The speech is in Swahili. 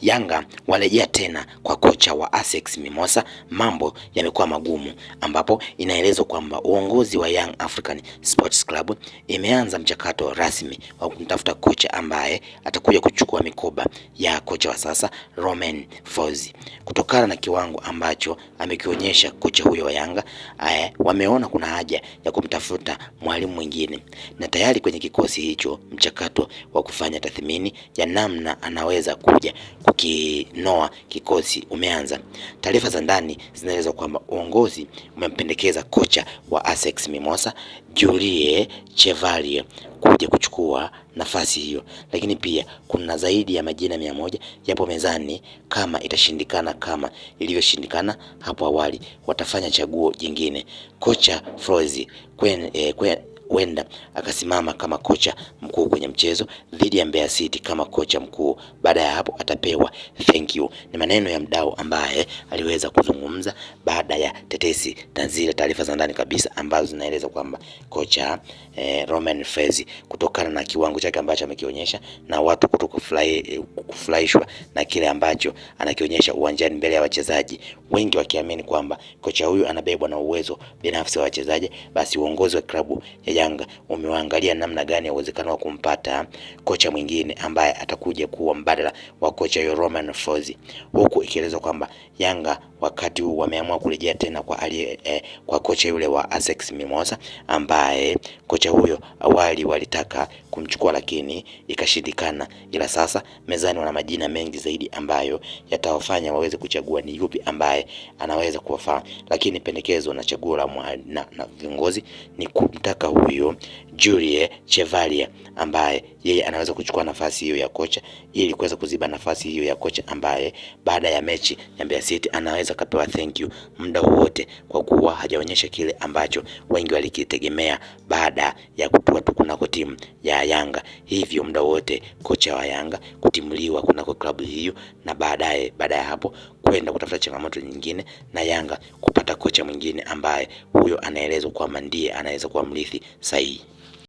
Yanga warejea tena kwa kocha wa Asex Mimosa, mambo yamekuwa magumu, ambapo inaelezwa kwamba uongozi wa Young African Sports Club imeanza mchakato rasmi wa kumtafuta kocha ambaye atakuja kuchukua mikoba ya kocha wa sasa Romain Folz, kutokana na kiwango ambacho amekionyesha kocha huyo wa Yanga. aye, eh, wameona kuna haja ya kumtafuta mwalimu mwingine, na tayari kwenye kikosi hicho mchakato wa kufanya tathmini ya namna anaweza kuja kukinoa kikosi ume umeanza. Taarifa za ndani zinaeleza kwamba uongozi umempendekeza kocha wa Asex Mimosa Julie Chevalier kuja kuchukua nafasi hiyo, lakini pia kuna zaidi ya majina mia moja yapo mezani. Kama itashindikana kama ilivyoshindikana hapo awali, watafanya chaguo jingine. Kocha Flozi kwen, eh, kwen, kwenda akasimama kama kocha mkuu kwenye mchezo dhidi ya Mbeya City kama kocha mkuu. Baada ya hapo atapewa thank you. Ni maneno ya mdau ambaye aliweza kuzungumza baada ya tetesi na zile taarifa za ndani kabisa ambazo zinaeleza kwamba kocha eh, Romain Folz kutokana na kiwango chake ambacho amekionyesha na watu kutokufurahishwa eh, na kile ambacho anakionyesha uwanjani mbele ya wachezaji, wengi wakiamini kwamba kocha huyu anabebwa na uwezo binafsi wa wachezaji, basi uongozi wa klabu ya Yanga umewaangalia namna gani ya uwezekano wa kumpata kocha mwingine ambaye atakuja kuwa mbadala wa kocha huyo Romain Folz, huku ikielezwa kwamba Yanga wakati huu wameamua kurejea tena kwa ali, eh, kwa kocha yule wa Asex Mimosa ambaye kocha huyo awali walitaka kumchukua lakini ikashindikana, ila sasa mezani wana majina mengi zaidi ambayo yatawafanya waweze kuchagua ni yupi ambaye anaweza kuwafaa, lakini pendekezo na chaguo la na, na viongozi ni kumtaka huyo Julie Chevalier ambaye yeye anaweza kuchukua nafasi hiyo ya kocha ili kuweza kuziba nafasi hiyo ya kocha ambaye baada ya mechi ya Mbeya City anaweza anaweza kapewa thank you muda wowote, kwa kuwa hajaonyesha kile ambacho wengi walikitegemea baada ya kutua tu kunako timu ya Yanga. Hivyo muda wote kocha wa Yanga kutimuliwa kunako klabu hiyo, na baadaye baada ya hapo kwenda kutafuta changamoto nyingine na Yanga kupata kocha mwingine ambaye huyo anaelezwa kwamba ndiye anaweza kuwa mrithi sahihi.